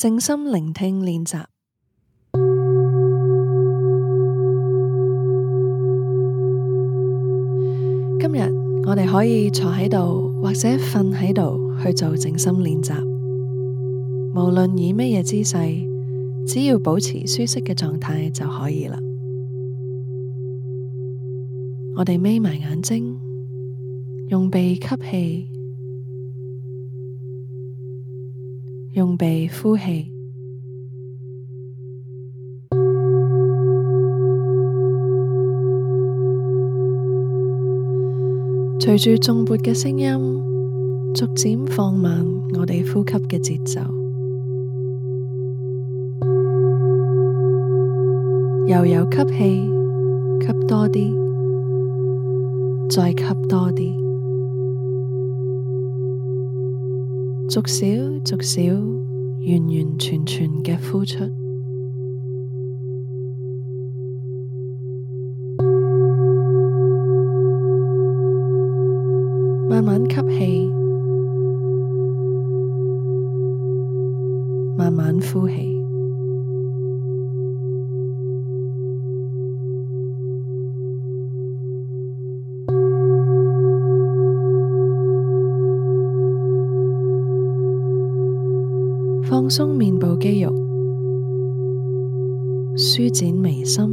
靜心聆聽練習。今日我哋可以坐喺度或者瞓喺度去做靜心練習，無論以咩嘢姿勢，只要保持舒適嘅狀態就可以啦。我哋眯埋眼睛，用鼻吸氣。用鼻呼氣，隨住頌缽嘅聲音，逐漸放慢我哋呼吸嘅節奏，悠悠吸氣，吸多啲，再吸多啲。逐少逐少，完完全全咁呼出，慢慢吸氣，慢慢呼氣。放鬆面部肌肉，舒展眉心，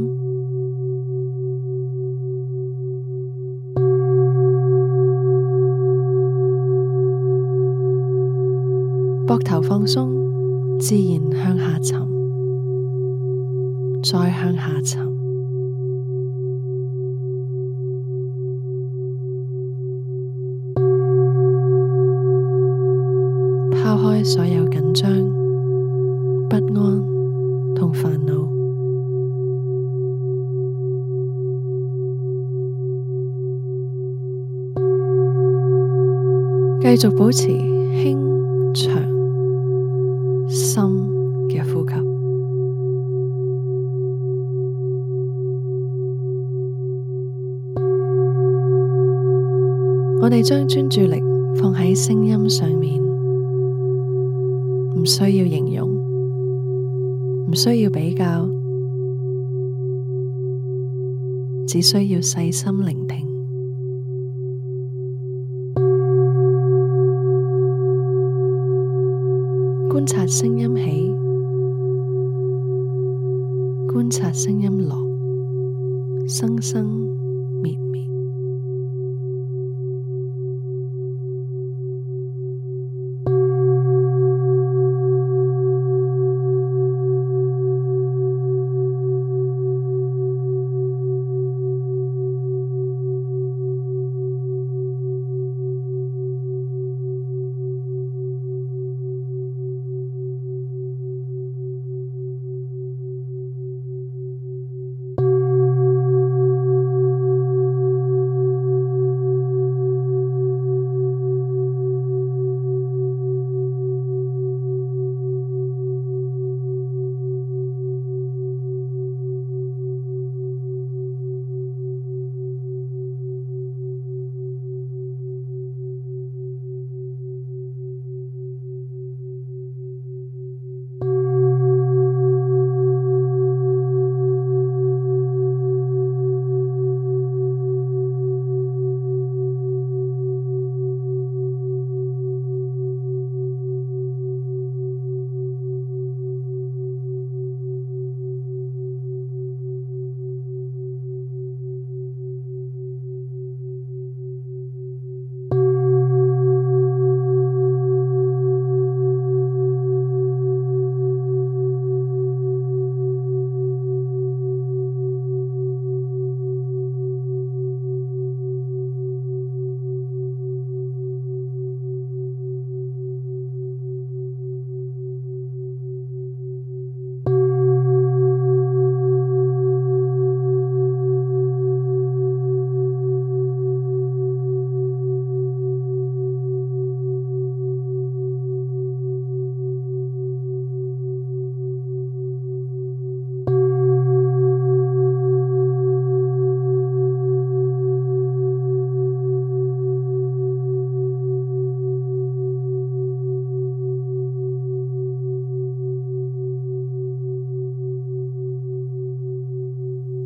膊頭放鬆，自然向下沉，再向下沉。所有緊張、不安同煩惱，繼續保持輕、長、深嘅呼吸。我哋將專注力放喺聲音上面。唔需要形容，唔需要比較，只需要細心聆聽，觀察聲音起，觀察聲音落，生生滅滅。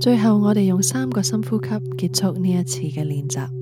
最後，我哋用三個深呼吸結束呢一次嘅練習。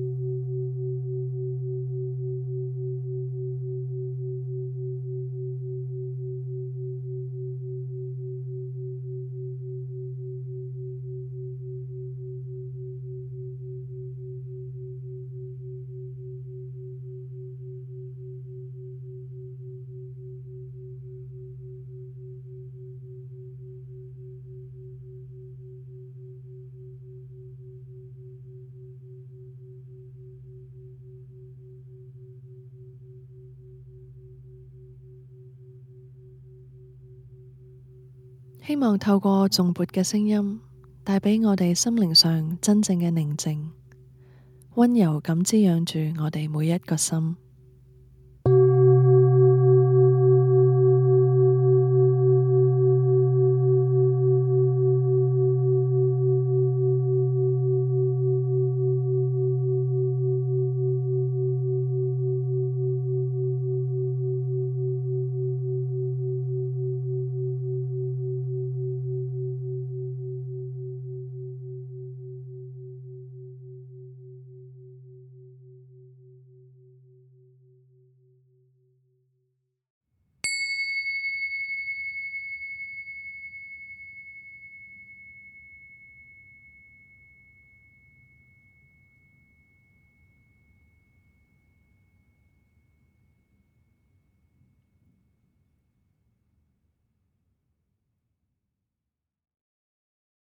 希望透過頌缽嘅聲音，帶畀我哋心靈上真正嘅寧靜，溫柔咁滋養住我哋每一個心。